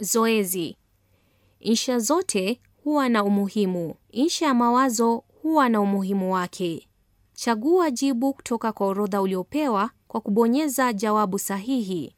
Zoezi. Insha zote huwa na umuhimu. Insha ya mawazo huwa na umuhimu wake. Chagua jibu kutoka kwa orodha uliopewa kwa kubonyeza jawabu sahihi.